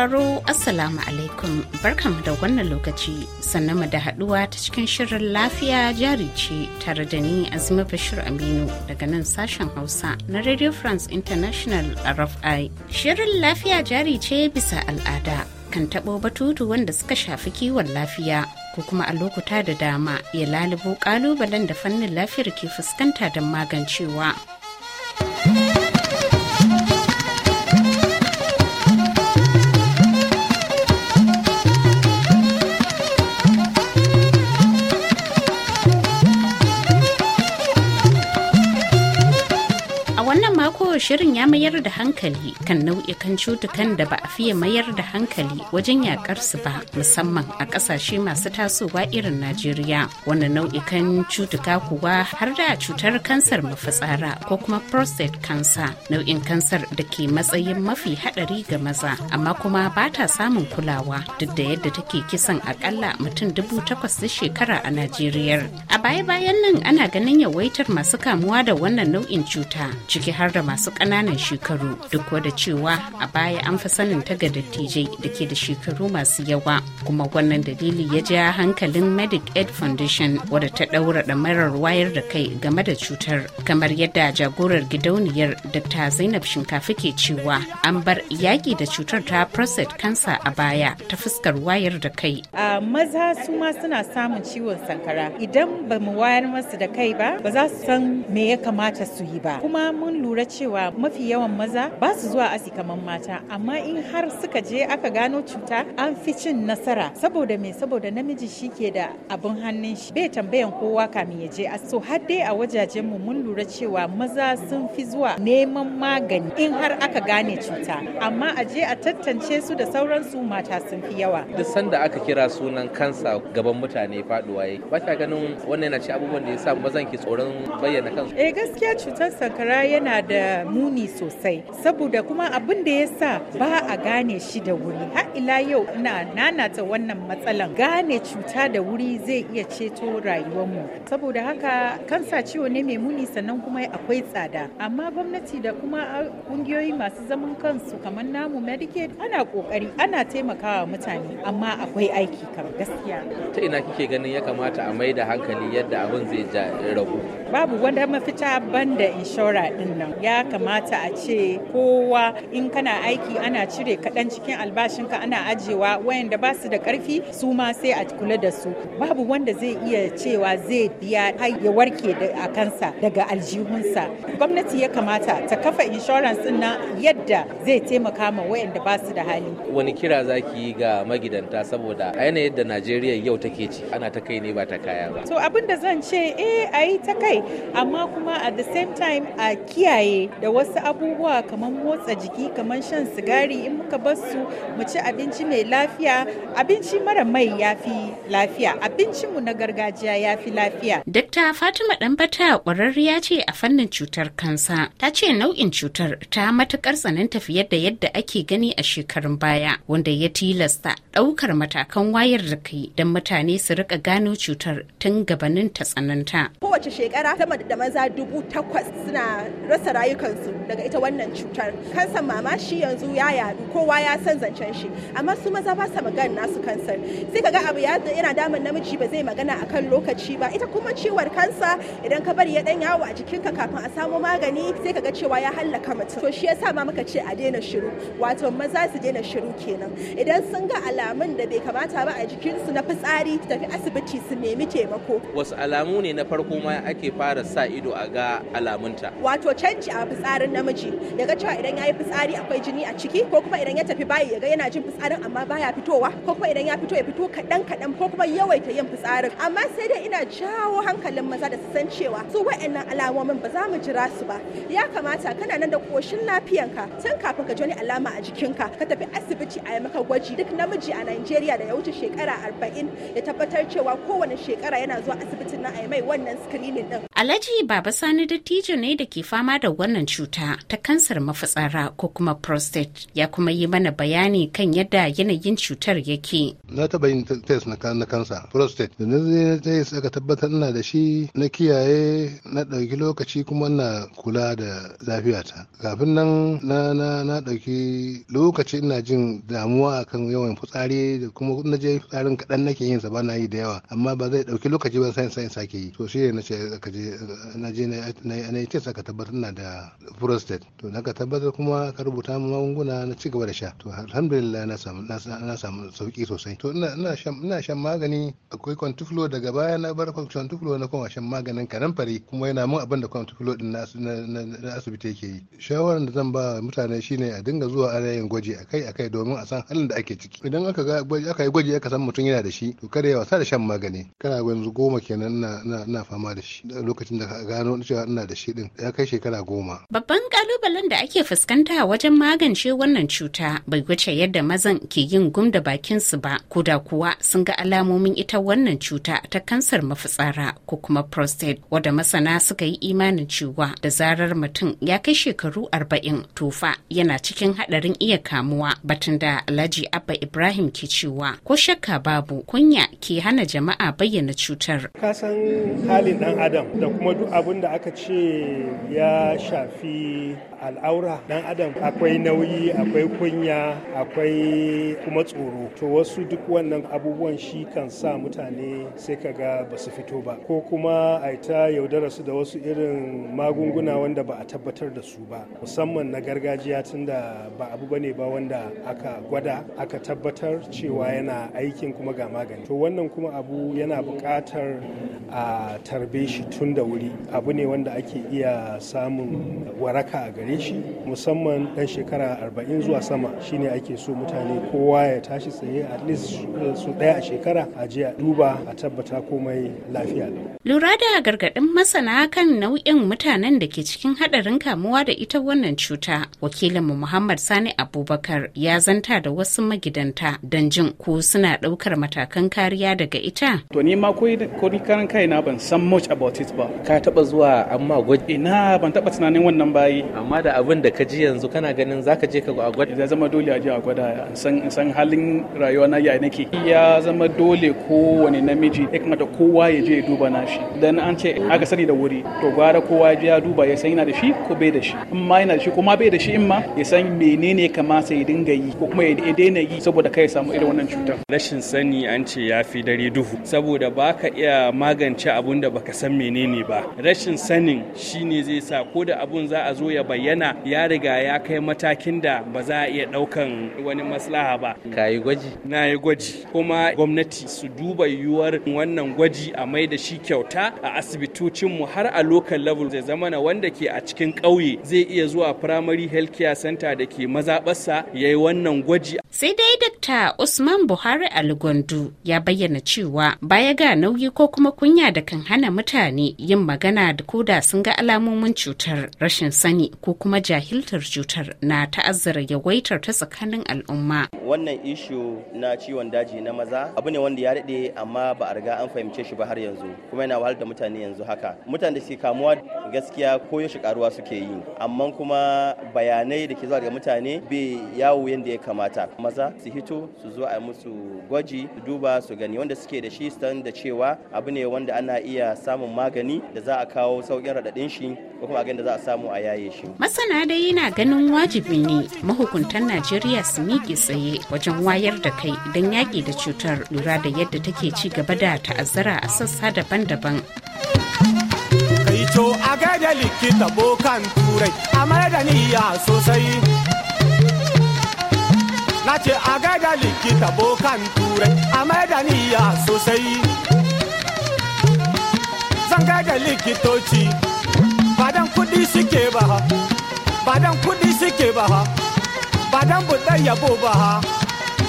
sauraro Assalamu alaikum barkamu da wannan lokaci sannan mu da haduwa ta cikin shirin lafiya jari ce tare da ni Azima Bashir Aminu daga nan sashen Hausa na Radio France International RFI. Shirin lafiya jari ce bisa al'ada kan taɓo batutu wanda suka shafi kiwon lafiya ko kuma a lokuta da dama ya lalubo ƙalubalen da fannin lafiyar ke fuskanta don magancewa. shirin ya mayar da hankali kan nau'ikan cutukan da ba a fiye mayar da hankali wajen yakar su ba musamman a kasashe masu tasowa irin najeriya wannan nau'ikan cutuka kuwa har da cutar kansar mafitsara ko kuma prostate kansa. nau'in kansar da ke matsayin mafi hadari ga maza amma kuma ba ta samun kulawa duk da yadda take kisan akalla mutum dubu takwas da shekara a najeriya a baya-bayan nan ana ganin yawaitar masu kamuwa da wannan nau'in cuta ciki har da masu ƙananan shekaru duk da cewa a baya an fi sanin ta ga dattijai da ke da shekaru masu yawa kuma wannan dalili ya ja hankalin medic aid foundation wadda ta ɗaura ɗamarar wayar da kai game da cutar kamar yadda jagorar gidauniyar ta zainab shinkafa ke cewa an bar yaƙi da cutar ta prostate cancer a baya ta fuskar wayar da kai a maza su ma suna samun ciwon sankara idan ba mu wayar masu da kai ba ba za su san me ya kamata su yi ba kuma mun lura cewa mafi yawan maza ba su zuwa asi kamar mata amma in har suka je aka gano cuta an fi cin nasara saboda me saboda namiji shi ke da abin hannun shi bai tambayan kowa kamin ya je so har dai a wajajen mu mun lura cewa maza sun fi zuwa neman magani in har aka gane cuta amma a je a tantance su da sauran su mata sun fi yawa duk sanda aka kira sunan kansa gaban mutane faduwa yake ba ta ganin wannan yana ci abubuwan da ya sa mazan ke tsoron bayyana kansu eh gaskiya cutar sankara yana da muni sosai saboda kuma abin da ya sa ba a gane shi da wuri har ila yau ina nanata wannan matsalan gane cuta da wuri zai iya ceto rayuwarmu saboda haka kansa ciwo ne mai muni sannan kuma akwai tsada amma gwamnati da kuma kungiyoyi masu zaman kansu kamar namu medicaid ana kokari ana taimakawa mutane amma akwai aiki kam gaskiya ta ina kike ganin ya kamata a mai da hankali yadda abin zai ja ragu babu wanda mafita banda inshora din nan ya kamata a ce kowa in kana aiki ana cire kaɗan cikin albashinka ana ajiyewa wayanda ba su da ƙarfi su ma sai a kula da su babu wanda zai iya cewa zai biya har ya warke a kansa daga aljihunsa gwamnati ya kamata ta kafa insurance na yadda zai taimaka ma wayanda ba su da hali wani kira zaki yi ga magidanta saboda a yanayin da najeriya yau take ci ana ta kai ne ba ta kaya ba to abin da zan ce eh ayi ta kai amma kuma at the same time a kiyaye da da wasu abubuwa kamar motsa jiki kamar shan sigari in muka bar su mu ci abinci mai lafiya abinci mara mai ya fi lafiya abincinmu na gargajiya ya fi lafiya. Dakta Fatima Ɗanbata ƙwararriya ce a fannin cutar kansa ta ce nau'in cutar ta matuƙar tsananta fiye da yadda ake gani a shekarun baya wanda ya tilasta ɗaukar matakan wayar da kai don mutane su rika gano cutar tun gabanin ta tsananta. Kowace shekara sama da maza dubu takwas suna rasa rayukansu su daga ita wannan cutar kansan mama shi yanzu ya yadu kowa ya san zancen shi amma su maza ba sa magana nasu kansar sai kaga abu ya yana damun namiji ba zai magana akan lokaci ba ita kuma ciwon kansa idan ka bari ya dan yawo a ka kafin a samu magani sai kaga cewa ya hallaka mutum to shi yasa ma muka ce a daina shiru wato maza su daina shiru kenan idan sun ga alamun da bai kamata ba a jikinsu na fitsari tafi asibiti su nemi taimako wasu alamu ne na farko ma ake fara sa ido a ga alamunta wato canji a fitsari fitsarin namiji ya ga cewa idan ya yi fitsari akwai jini a ciki ko kuma idan ya tafi bayi ya ga yana jin fitsarin amma baya fitowa ko kuma idan ya fito ya fito kaɗan kaɗan ko kuma yawaita yin fitsarin amma sai dai ina jawo hankalin maza da su san cewa su wa'annan alamomin ba za mu jira su ba ya kamata kana nan da koshin lafiyanka tun kafin ka ji alama a jikinka ka tafi asibiti a yi maka gwaji duk namiji a Najeriya da ya wuce shekara arba'in ya tabbatar cewa kowane shekara yana zuwa asibitin na a yi mai wannan screening din. Alhaji Baba Sani dattijo ne da ke fama da wannan cuta. cuta ta kansar mafitsara ko kuma prostate ya kuma yi mana bayani kan yadda yanayin cutar yake. Na taɓa yin test na kansa prostate da na test aka tabbatar na da shi na kiyaye na ɗauki lokaci kuma na kula da lafiyata. Kafin nan na na na ɗauki lokaci ina jin damuwa akan yawan fitsari da kuma na je fitsarin kaɗan nake yin sa ba na yi da yawa amma ba zai ɗauki lokaci ba sai sai sake yi. To shi ne na ce na je na yi test aka tabbatar na da prostate to na ka tabbatar kuma ka rubuta min magunguna na ci gaba da sha to alhamdulillah na samu na samu sauki sosai to ina ina shan ina shan magani akwai contuflo daga baya na bar contuflo na koma shan maganin fari kuma yana mun abin da contuflo din na asibiti yake yi shawaran da zan ba mutane shine a dinga zuwa ana yin gwaji akai akai domin a san halin da ake ciki idan aka ga aka yi gwaji aka san mutum yana da shi to kada ya wasa da shan magani kana yanzu goma kenan na fama da shi lokacin da gano cewa ina da shi din ya kai shekara goma Babban kalubalen da ake fuskanta wajen magance wannan cuta bai wuce yadda mazan ke yin gum da bakinsu ba, kuda kuwa sun ga alamomin ita wannan cuta ta kansar mafitsara ko kuma prostate wadda masana suka yi imanin cewa da zarar mutum ya kai shekaru arba'in tufa yana cikin haɗarin iya kamuwa batun da Alhaji Abba Ibrahim ke cewa ko shakka babu kunya ke hana jama'a bayyana cutar. san halin ɗan adam da kuma duk abin da aka ce ya shafi shafi al'aura dan adam akwai nauyi akwai kunya akwai kuma tsoro to wasu duk wannan abubuwan shi kan sa mutane sai ka ga ba su fito ba ko kuma a ta yaudara su da wasu irin magunguna wanda ba a tabbatar da su ba musamman na gargajiya tunda ba abu ne ba wanda aka gwada aka tabbatar cewa yana aikin kuma ga magani to wannan kuma abu yana buƙatar a tarbe shi tun da wuri abu ne wanda ake iya samun waraka a gare shi musamman dan shekara arba'in zuwa sama shine ake so mutane kowa ya tashi tsaye at least su daya a shekara a je a duba a tabbata komai lafiya lura da gargaɗin masana kan nau'in mutanen da ke cikin haɗarin kamuwa da ita wannan cuta wakilin mu muhammad sani abubakar ya zanta da wasu magidanta don jin ko suna ɗaukar matakan kariya daga ita to ni ma ko ni karan kaina ban san much about it ba ka taɓa zuwa amma gwaji ina ban taɓa tunanin wannan waɗannan bayi amma da abin da ka ji yanzu kana ganin zaka je ka gwada ya zama dole a je a gwada san san halin rayuwa na yayi nake ya zama dole ko wani namiji ya kamata kowa ya je ya duba nashi dan an ce aka sani da wuri to gwara kowa ya je ya duba ya san yana da shi ko bai da shi in ma yana da shi ko bai da shi in ma ya san menene kamata ya dinga yi ko kuma ya daina yi saboda kai ya samu irin wannan cutar rashin sani an ce ya fi dare duhu saboda baka iya magance abun da baka san menene ba rashin sanin shine zai sa ko da abun za a zo ya bayyana ya riga ya kai matakin da ba za a iya ɗaukan wani maslaha ba. Ka yi gwaji? Na yi gwaji. Kuma gwamnati su duba yiwuwar wannan gwaji a mai da shi kyauta a mu har a local level zai zama na wanda ke a cikin ƙauye zai iya zuwa primary health care center da ke mazaɓarsa ya yi wannan gwaji. Sai dai dr Usman Buhari Algondu ya bayyana cewa baya ga nauyi ko kuma kunya da kan hana mutane yin magana da koda sun ga alamomin cutar rashin rashin sani ko kuma jahiltar cutar na ta'azzara yawaitar ta tsakanin al'umma. Wannan ishu na ciwon daji na maza abu ne wanda ya daɗe amma ba a riga an fahimce shi ba har yanzu kuma yana wahalar da mutane yanzu haka. Mutane da suke kamuwa gaskiya ko yaushe karuwa suke yi amma kuma bayanai da ke zuwa daga mutane bai yawo yadda ya kamata. Maza su hito su zo a musu gwaji su duba su gani wanda suke da shi san da cewa abu ne wanda ana iya samun magani da za a kawo sauƙin raɗaɗin shi ko kuma a da za a samu a yaye shi. Masana dai yana ganin wajibi ne mahukuntan Najeriya su miƙe tsaye wajen wayar da kai don yaƙi da cutar lura da yadda take ci gaba da ta'azzara a sassa daban-daban. Kai to a likita bokan turai a mara da niyya sosai. Na ce a likita bokan turai a mara da niyya sosai. likitoci badan kudi suke ba dan kuɗi suke ba ha ba dan yabo ba ha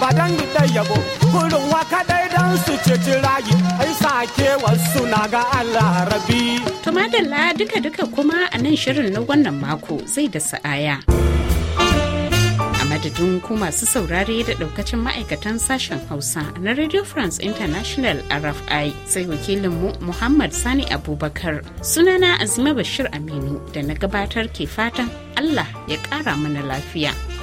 ba dan yabo kurin waka dai dan su ceci rayu ai sake wasu na ga Allah rabi. To madalla duka-duka kuma a nan shirin na wannan mako zai da sa'aya. madadin ku masu saurare da daukacin ma'aikatan sashen hausa na radio france international rfi sai Wakilin Mu muhammad sani abubakar sunana azima bashir aminu da na gabatar ke fatan allah ya kara mana lafiya.